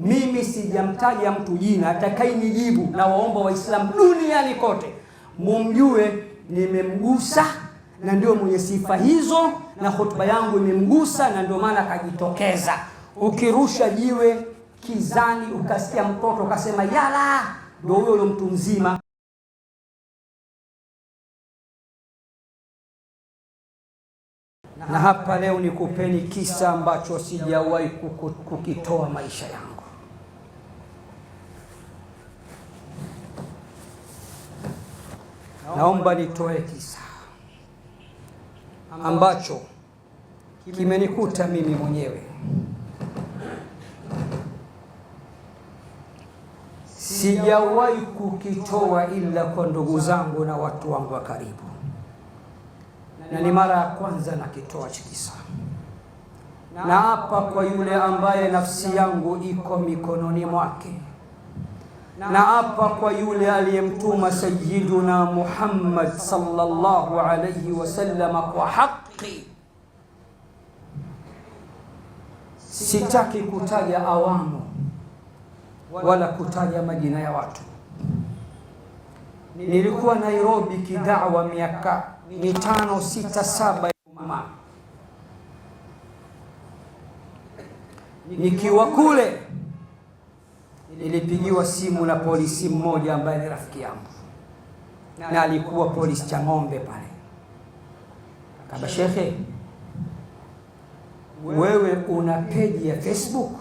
Mimi sijamtaja mtu jina, atakayenijibu na waomba Waislamu duniani kote mumjue nimemgusa, na ndio mwenye sifa hizo, na hotuba yangu imemgusa, na ndio maana akajitokeza. Ukirusha jiwe kizani ukasikia mtoto ukasema yala, ndio huyo huyo mtu mzima. Na hapa leo nikupeni kisa ambacho sijawahi kukitoa maisha yangu. naomba nitoe kisa ambacho kimenikuta mimi mwenyewe. Sijawahi kukitoa ila kwa ndugu zangu na watu wangu wa karibu, na ni mara ya kwanza nakitoa chikisa, na hapa kwa yule ambaye nafsi yangu iko mikononi mwake na apa kwa yule aliyemtuma Sayyiduna Muhammad sallallahu alayhi wasallam kwa haki, sitaki kutaja awamu wala kutaja majina ya watu. Nilikuwa Nairobi kidawa miaka mitano sita saba yuma nikiwa kule nilipigiwa simu na polisi mmoja ambaye ni rafiki yangu na alikuwa polisi cha ngombe pale. Kaba shekhe, wewe una peji ya Facebook?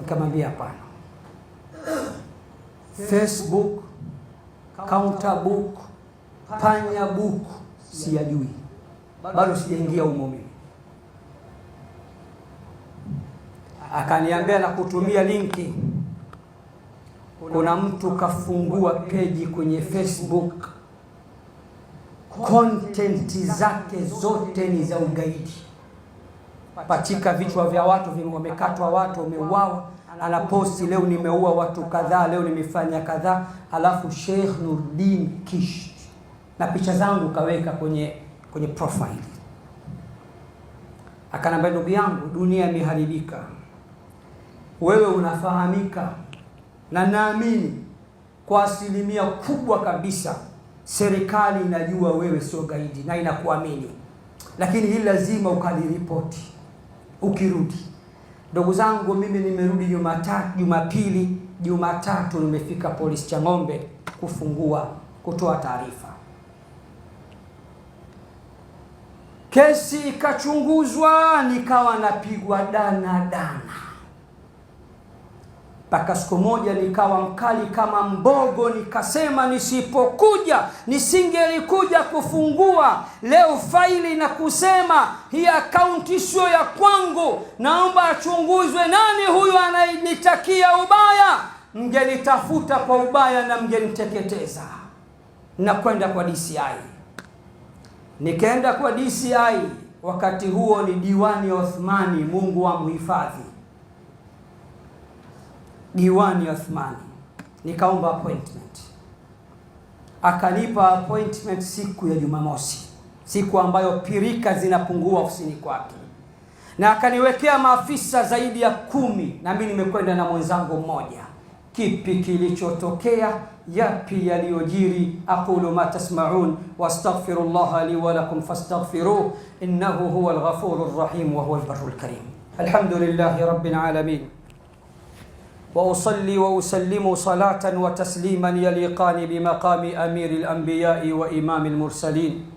Nikamwambia hapana. Facebook, counter book, panya book siyajui, bado sijaingia umo mimi. akaniambia na kutumia linki, kuna mtu kafungua peji kwenye Facebook, content zake zote ni za ugaidi, patika vichwa vya watu wamekatwa, watu wameuawa anaposti leo nimeua watu kadhaa, leo nimefanya kadhaa, alafu Sheikh Nurdin Kish na picha zangu kaweka kwenye kwenye profile. Akanambia, ndugu yangu, dunia imeharibika wewe unafahamika, na naamini kwa asilimia kubwa kabisa serikali inajua wewe sio gaidi na inakuamini, lakini hili lazima ukaliripoti ukirudi. Ndugu zangu, mimi nimerudi Jumatatu, Jumapili, Jumatatu nimefika polisi Chang'ombe kufungua kutoa taarifa. Kesi ikachunguzwa, nikawa napigwa dana dana mpaka siku moja nikawa mkali kama mbogo, nikasema nisipokuja nisingelikuja kufungua leo faili na kusema hii akaunti siyo ya kwangu, naomba achunguzwe, nani huyu anayenitakia ubaya. Mgenitafuta kwa ubaya na mgeniteketeza. Na kwenda kwa DCI, nikaenda kwa DCI, wakati huo ni diwani Othmani, Mungu wa diwani Othmani, nikaomba appointment, akanipa appointment siku ya Jumamosi, siku ambayo pirika zinapungua ofisini kwake, na akaniwekea maafisa zaidi ya kumi, na mimi nimekwenda na mwenzangu mmoja. Kipi kilichotokea? Yapi yaliyojiri? aqulu ma tasmaun wastaghfiru llaha li wa lakum fastaghfiruh innahu huwa lghafuru rrahim wa huwa lbarru lkarim. Alhamdulillahi rabbil alamin واصلي واسلم صلاه وتسليما يليقان بمقام امير الانبياء وامام المرسلين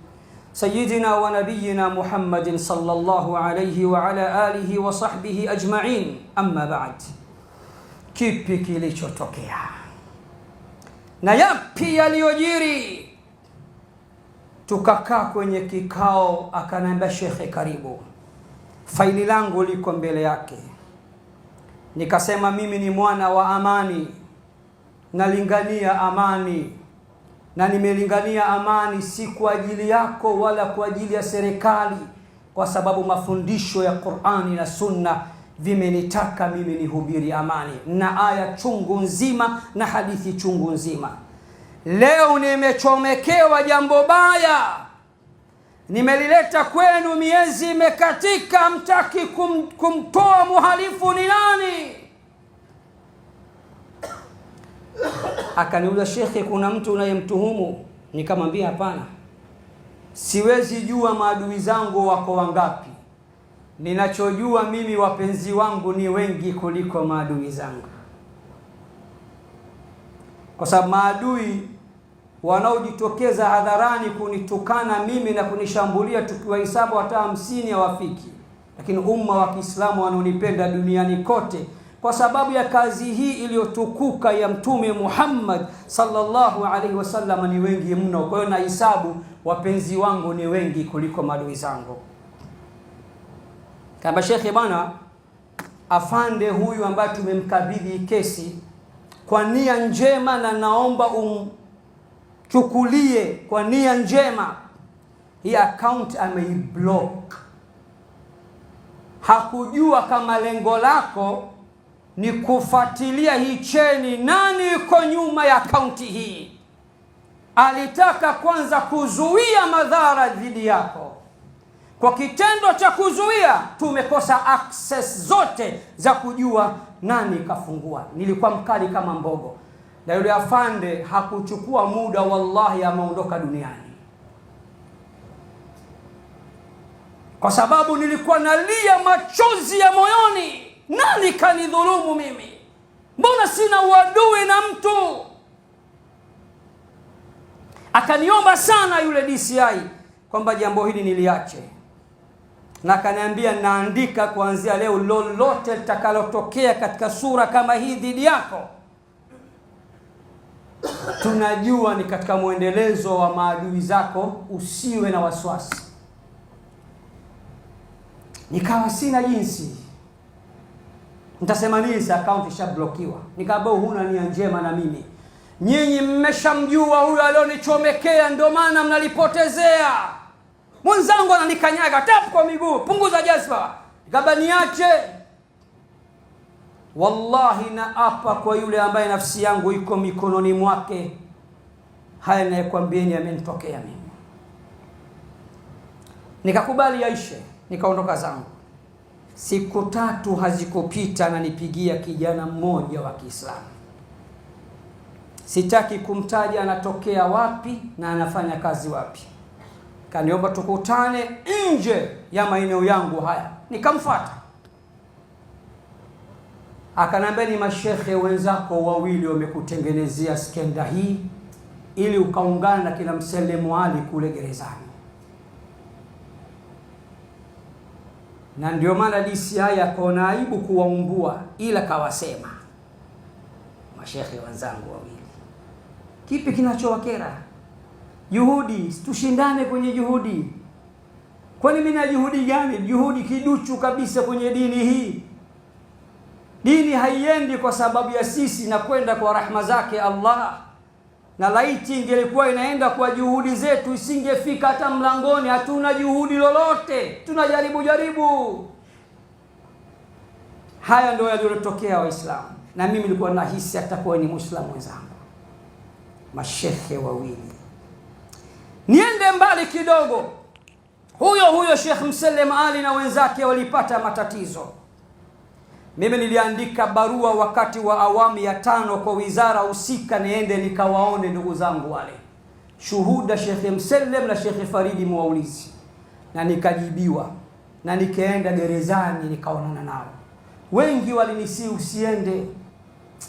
سيدنا ونبينا محمد صلى الله عليه وعلى اله وصحبه اجمعين اما بعد kipi kilichotokea na yapi yaliyojiri tukakaa kwenye kikao akaniambia shekhe karibu faili langu liko mbele yake nikasema mimi ni mwana wa amani, nalingania amani na nimelingania amani, si kwa ajili yako wala kwa ajili ya serikali, kwa sababu mafundisho ya Qur'ani na Sunna vimenitaka mimi nihubiri amani, na aya chungu nzima na hadithi chungu nzima. Leo nimechomekewa jambo baya nimelileta kwenu, miezi imekatika, mtaki kum, kumtoa muhalifu ni nani? Akaniuliza, shekhe, kuna mtu unayemtuhumu? Nikamwambia hapana, siwezi jua maadui zangu wako wangapi. Ninachojua mimi wapenzi wangu ni wengi kuliko maadui zangu, kwa sababu maadui wanaojitokeza hadharani kunitukana mimi na kunishambulia, tukiwahesabu hata hamsini hawafiki, lakini umma wa Kiislamu wanaonipenda duniani kote kwa sababu ya kazi hii iliyotukuka ya Mtume Muhammad sallallahu alaihi wasallam ni wengi mno. Kwa hiyo nahesabu wapenzi wangu ni wengi kuliko maadui zangu. Kamba shekhe, bwana afande huyu ambaye tumemkabidhi kesi kwa nia njema, na naomba um chukulie kwa nia njema, hii account ameiblock. Hakujua kama lengo lako ni kufuatilia hii cheni, nani yuko nyuma ya akaunti hii. Alitaka kwanza kuzuia madhara dhidi yako. Kwa kitendo cha kuzuia, tumekosa access zote za kujua nani kafungua. Nilikuwa mkali kama mbogo na yule afande hakuchukua muda, wallahi, ameondoka duniani, kwa sababu nilikuwa nalia machozi ya moyoni, nani kanidhulumu mimi? Mbona sina uadui na mtu? Akaniomba sana yule DCI kwamba jambo hili niliache, na akaniambia, naandika kuanzia leo, lolote litakalotokea katika sura kama hii dhidi yako tunajua ni katika mwendelezo wa maadui zako, usiwe na wasiwasi. Nikawa sina jinsi, nitasema nini? Si akaunti ishablokiwa. Nikaambia huna nia njema na mimi, nyinyi mmeshamjua huyo alionichomekea, ndio maana mnalipotezea. Mwenzangu ananikanyaga tap kwa miguu, punguza jazba, nikaba niache wallahi na apa kwa yule ambaye nafsi yangu iko mikononi mwake, haya nayekwambieni amenitokea mimi. Nikakubali yaishe, nikaondoka zangu. Siku tatu hazikupita, ananipigia kijana mmoja wa Kiislamu, sitaki kumtaja anatokea wapi na anafanya kazi wapi. Kaniomba tukutane nje ya maeneo yangu haya, nikamfuata Akanambia ni mashekhe wenzako wawili wamekutengenezea skenda hii ili ukaungana na kina Mselemu Ali kule gerezani, na ndio maana DCI akaona aibu kuwaumbua, ila kawasema mashekhe wenzangu wawili. Kipi kinachowakera? Juhudi, tushindane kwenye juhudi. Kwani mimi na juhudi gani? Juhudi kiduchu kabisa kwenye dini hii. Dini haiendi kwa sababu ya sisi na kwenda kwa rahma zake Allah, na laiti ingelikuwa inaenda kwa juhudi zetu isingefika hata mlangoni. Hatuna juhudi lolote, tunajaribu jaribu. Haya ndio yaliyotokea Waislamu, na mimi nilikuwa nahisi atakuwa ni muislamu mwenzangu, mashehe wawili. Niende mbali kidogo, huyo huyo Sheikh Mselem Ali na wenzake walipata matatizo mimi niliandika barua wakati wa awamu ya tano kwa wizara husika, niende nikawaone ndugu zangu wale shuhuda Shekhe Mselem na Shekhe Faridi Mwaulizi, na nikajibiwa na nikaenda gerezani nikaonana nao. Wengi walinisi usiende,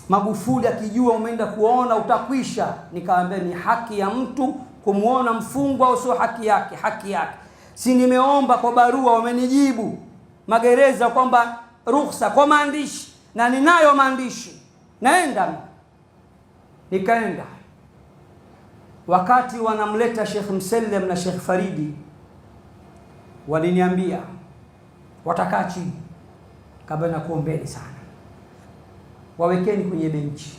Magufuli akijua umeenda kuona utakwisha. Nikaambia ni haki ya mtu kumwona mfungwa au sio? Haki yake, haki yake. Si nimeomba kwa barua, wamenijibu magereza kwamba ruhusa kwa maandishi, na ninayo maandishi. Naenda nikaenda, wakati wanamleta Sheikh mselem na Sheikh Faridi waliniambia watakaa chini, kabla na kuombeni sana, wawekeni kwenye benchi.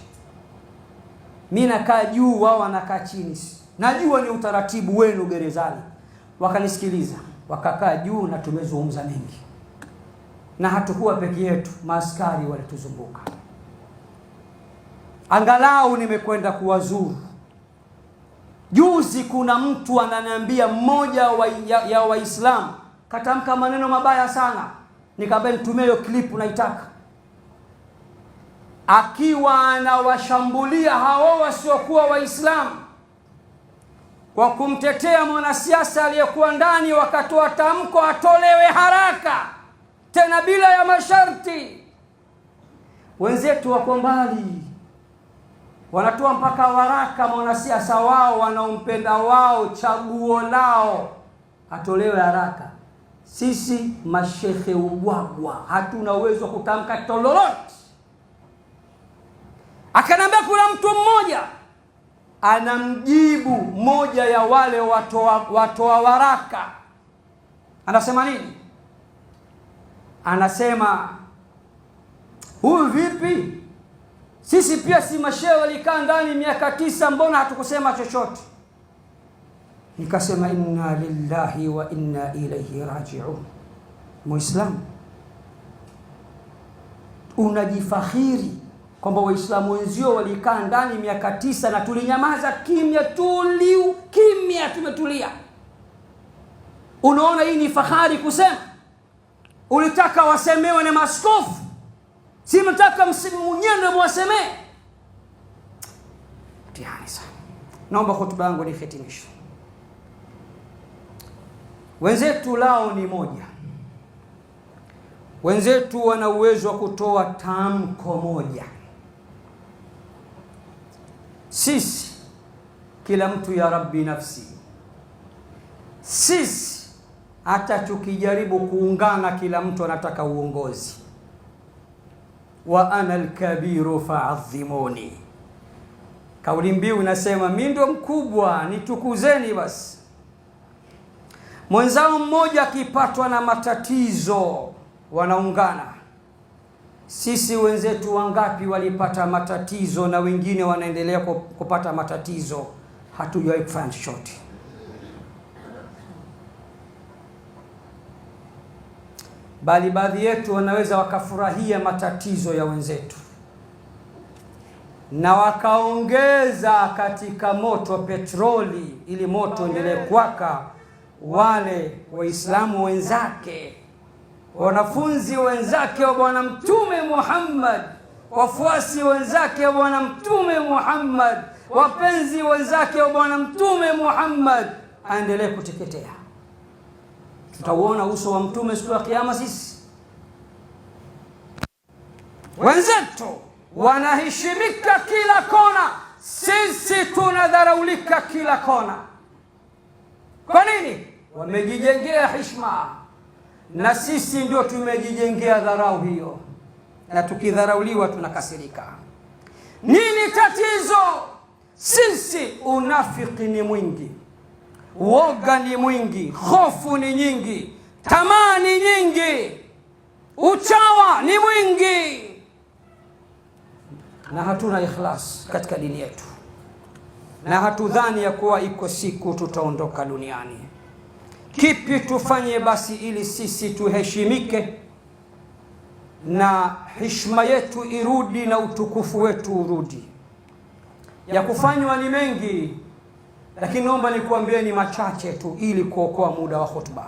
Mi nakaa juu, wao wanakaa chini. Najua ni utaratibu wenu gerezani. Wakanisikiliza, wakakaa juu na tumezungumza mengi na hatukuwa peke yetu, maaskari walituzunguka. Angalau nimekwenda kuwazuru. Juzi kuna mtu ananiambia, mmoja wa, ya, ya Waislamu katamka maneno mabaya sana, nikaambia nitumie hiyo klipu, naitaka akiwa anawashambulia hao wasiokuwa Waislamu kwa kumtetea mwanasiasa aliyekuwa ndani, wakatoa tamko atolewe haraka tena bila ya masharti. Wenzetu wako mbali, wanatoa mpaka waraka mwanasiasa wao wanaompenda wao, chaguo lao atolewe haraka. Sisi mashehe ugwagwa hatuna uwezo wa kutamka tololote. Akanambia kuna mtu mmoja anamjibu moja ya wale watoa watoa waraka, anasema nini? anasema huyu vipi? Sisi pia si mashehe walikaa ndani miaka tisa, mbona hatukusema chochote? Nikasema inna lillahi wa inna ilaihi rajiun. Muislamu unajifakhiri kwamba waislamu wenzio walikaa ndani miaka tisa na tulinyamaza kimya, tuliu kimya, tumetulia. Unaona hii ni fahari kusema ulitaka wasemewe na maskofu, si mtaka mnyende mwasemee. Mtihani sana. Naomba hotuba yangu nihitimishe. Wenzetu lao ni moja, wenzetu wana uwezo wa kutoa tamko moja. Sisi kila mtu ya rabbi nafsi, sisi hata tukijaribu kuungana, kila mtu anataka uongozi. Wa ana alkabiru faadhimuni, kauli mbiu inasema mi ndio mkubwa, nitukuzeni basi. Mwenzao mmoja akipatwa na matatizo wanaungana. Sisi wenzetu wangapi walipata matatizo na wengine wanaendelea kupata matatizo, hatujawahi kufanya chochote. bali baadhi yetu wanaweza wakafurahia matatizo ya wenzetu na wakaongeza katika moto petroli ili moto endelee kuwaka. Wale Waislamu wenzake, wanafunzi wenzake wa Bwana Mtume Muhammad, wafuasi wenzake wa Bwana Mtume Muhammad, wapenzi wenzake wa Bwana Mtume Muhammad, aendelee kuteketea tutauona uso wa mtume siku ya kiyama. Sisi wenzetu wanaheshimika kila kona, sisi tunadharaulika kila kona. Kwa nini? Wamejijengea heshima na sisi ndio tumejijengea dharau hiyo, na tukidharauliwa tunakasirika. Nini tatizo? Sisi unafiki ni mwingi Woga ni mwingi, hofu ni nyingi, tamaa ni nyingi, uchawa ni mwingi, na hatuna ikhlas katika dini yetu, na hatudhani ya kuwa iko siku tutaondoka duniani. Kipi tufanye basi ili sisi tuheshimike na heshima yetu irudi na utukufu wetu urudi? Ya kufanywa ni mengi lakini naomba nikuambieni machache tu ili kuokoa muda wa hotuba.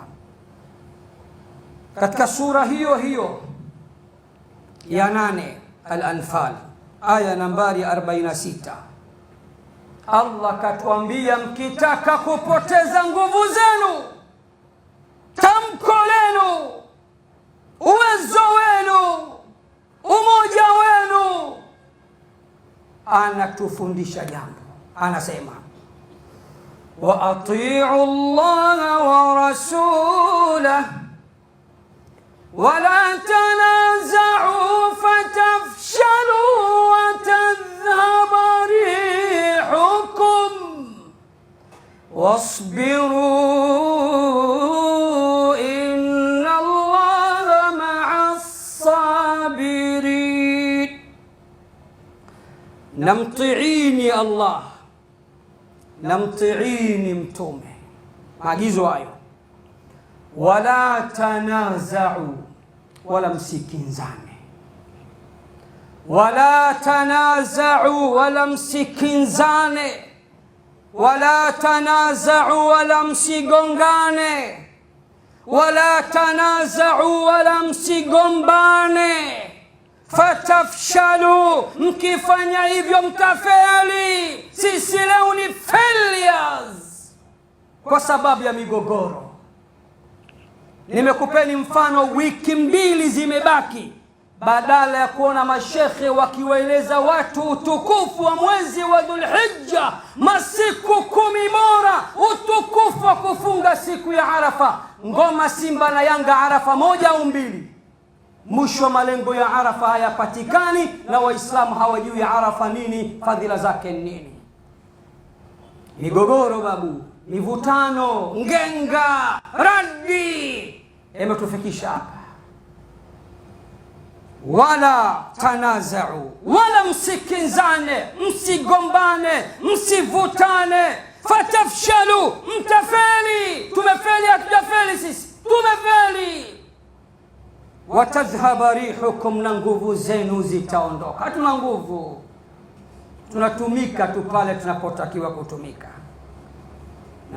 Katika sura hiyo hiyo ya nane Al-Anfal aya nambari 46, Allah katuambia mkitaka kupoteza nguvu zenu, tamko lenu, uwezo wenu, umoja wenu, anatufundisha jambo, anasema وأطيعوا الله ورسوله ولا تنازعوا فتفشلوا وتذهب ريحكم واصبروا إن الله مع الصابرين نمطعين يا الله na mtiini mtume, maagizo hayo. Wala tanazau, wala msikinzane. Wala tanazau, wala msikinzane. Wala tanazau, wala msigongane. Wala tanazau, wala msigombane. Fatafshalu, mkifanya hivyo mtafeli kwa sababu ya migogoro. Nimekupeni mfano, wiki mbili zimebaki, badala ya kuona mashekhe wakiwaeleza watu utukufu wa mwezi wa Dhulhijja, masiku kumi bora, utukufu wa kufunga siku ya Arafa, ngoma Simba na Yanga Arafa moja au mbili Mwisho wa malengo ya Arafa hayapatikani na Waislamu hawajui Arafa nini, fadhila zake nini. Migogoro babu mivutano, ngenga, raddi yametufikisha hapa. Wala tanazau, wala msikinzane, msigombane, msivutane, fatafshalu, mtafeli. Tumefeli? Hatujafeli sisi, tumefeli. Watadhhaba rihukum, na nguvu zenu zitaondoka. Hatuna nguvu, tunatumika tu pale tunapotakiwa kutumika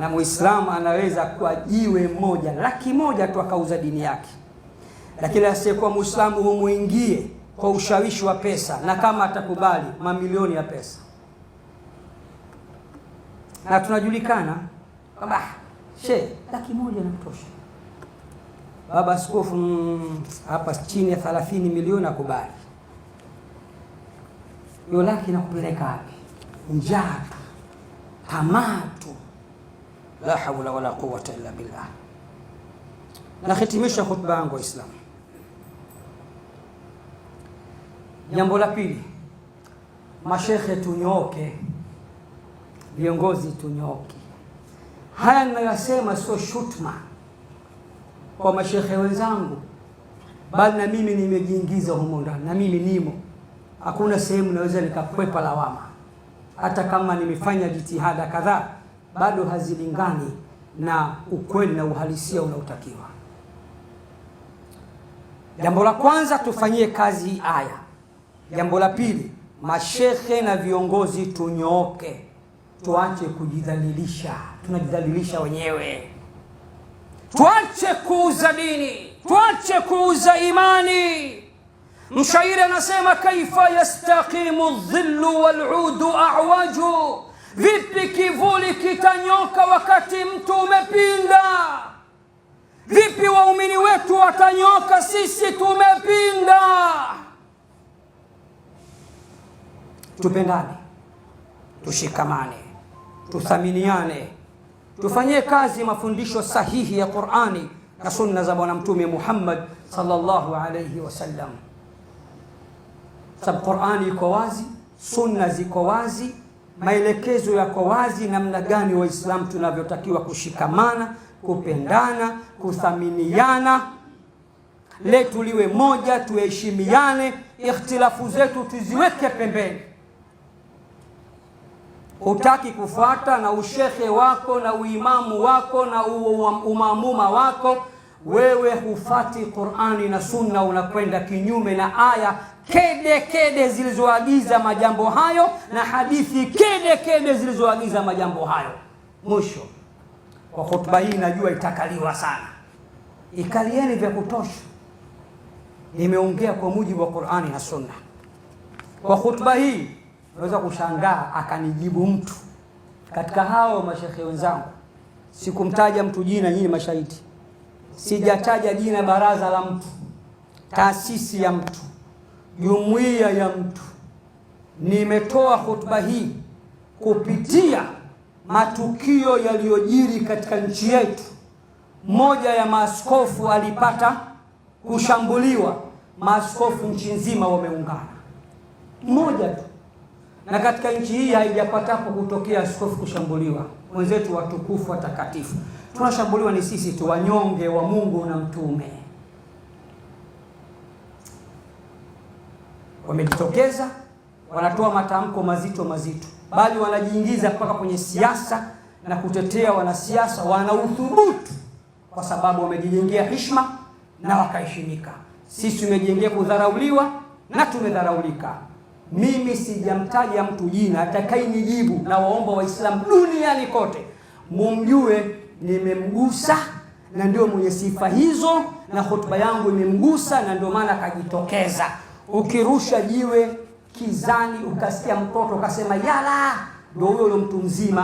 na Muislamu anaweza kwa jiwe moja laki moja tu akauza dini yake, lakini asiyekuwa Muislamu humuingie kwa ushawishi wa pesa, na kama atakubali mamilioni ya pesa. Na tunajulikana kwamba ah, she laki moja inamtosha baba askofu mm, hapa chini ya 30 milioni akubali. Hiyo laki inakupeleka wapi? Njaa tamaa tu la haula wala quwwata illa billah. Nahitimisha hotuba yangu Waislamu. Jambo la pili, mashekhe tunyooke, viongozi tunyooke. Haya ninayosema sio shutma kwa mashekhe wenzangu, bali na mimi nimejiingiza humo ndani, na mimi nimo. Hakuna sehemu naweza nikakwepa lawama, hata kama nimefanya jitihada kadhaa bado hazilingani na ukweli na uhalisia unaotakiwa. Jambo la kwanza, tufanyie kazi hii aya. Jambo la pili, mashehe na viongozi tunyooke, tuache kujidhalilisha. Tunajidhalilisha wenyewe, tuache kuuza dini, tuache kuuza imani. Mshairi anasema kaifa yastaqimu dhillu waludu awaju, vipi kivu kumwita nyoka wakati mtu umepinda? Vipi waumini wetu watanyoka? Sisi tumepinda. Tupendane, tushikamane, tuthaminiane, tufanyie kazi mafundisho sahihi ya Qur'ani na sunna za Bwana Mtume Muhammad sallallahu alayhi wasallam, sababu Qur'ani iko wazi, sunna ziko wazi maelekezo yako wazi namna gani Waislamu tunavyotakiwa kushikamana, kupendana, kuthaminiana, letu liwe moja, tuheshimiane, ikhtilafu zetu tuziweke pembeni. Hutaki kufuata na ushehe wako na uimamu wako na umamuma wako wewe hufati Qur'ani na Sunna, unakwenda kinyume na aya kede kede zilizoagiza majambo hayo na hadithi kede kede zilizoagiza majambo hayo. Mwisho kwa hotuba hii, najua itakaliwa sana, ikalieni vya kutosha. Nimeongea kwa mujibu wa Qur'ani na Sunna. Kwa hotuba hii naweza kushangaa akanijibu mtu katika hao mashehe wenzangu, sikumtaja mtu jina, nyinyi mashahidi sijataja jina, baraza la mtu, taasisi ya mtu, jumuiya ya mtu. Nimetoa hotuba hii kupitia matukio yaliyojiri katika nchi yetu. moja ya maaskofu alipata kushambuliwa, maaskofu nchi nzima wameungana, mmoja tu, na katika nchi hii haijapatapo kutokea askofu kushambuliwa. Wenzetu watukufu watakatifu tunashambuliwa ni sisi tu wanyonge wa Mungu na mtume. Wamejitokeza, wanatoa matamko mazito mazito, bali wanajiingiza mpaka kwenye siasa na kutetea wanasiasa, wana uthubutu kwa sababu wamejijengea heshima na wakaheshimika. Sisi tumejengea kudharauliwa na tumedharaulika. Mimi sijamtaja mtu jina, atakayenijibu, na waomba Waislamu duniani kote mumjue nimemgusa na ndio mwenye sifa hizo, na hotuba yangu imemgusa, na ndio maana akajitokeza. Ukirusha jiwe kizani ukasikia mtoto ukasema yala, ndio huyo huyo mtu mzima.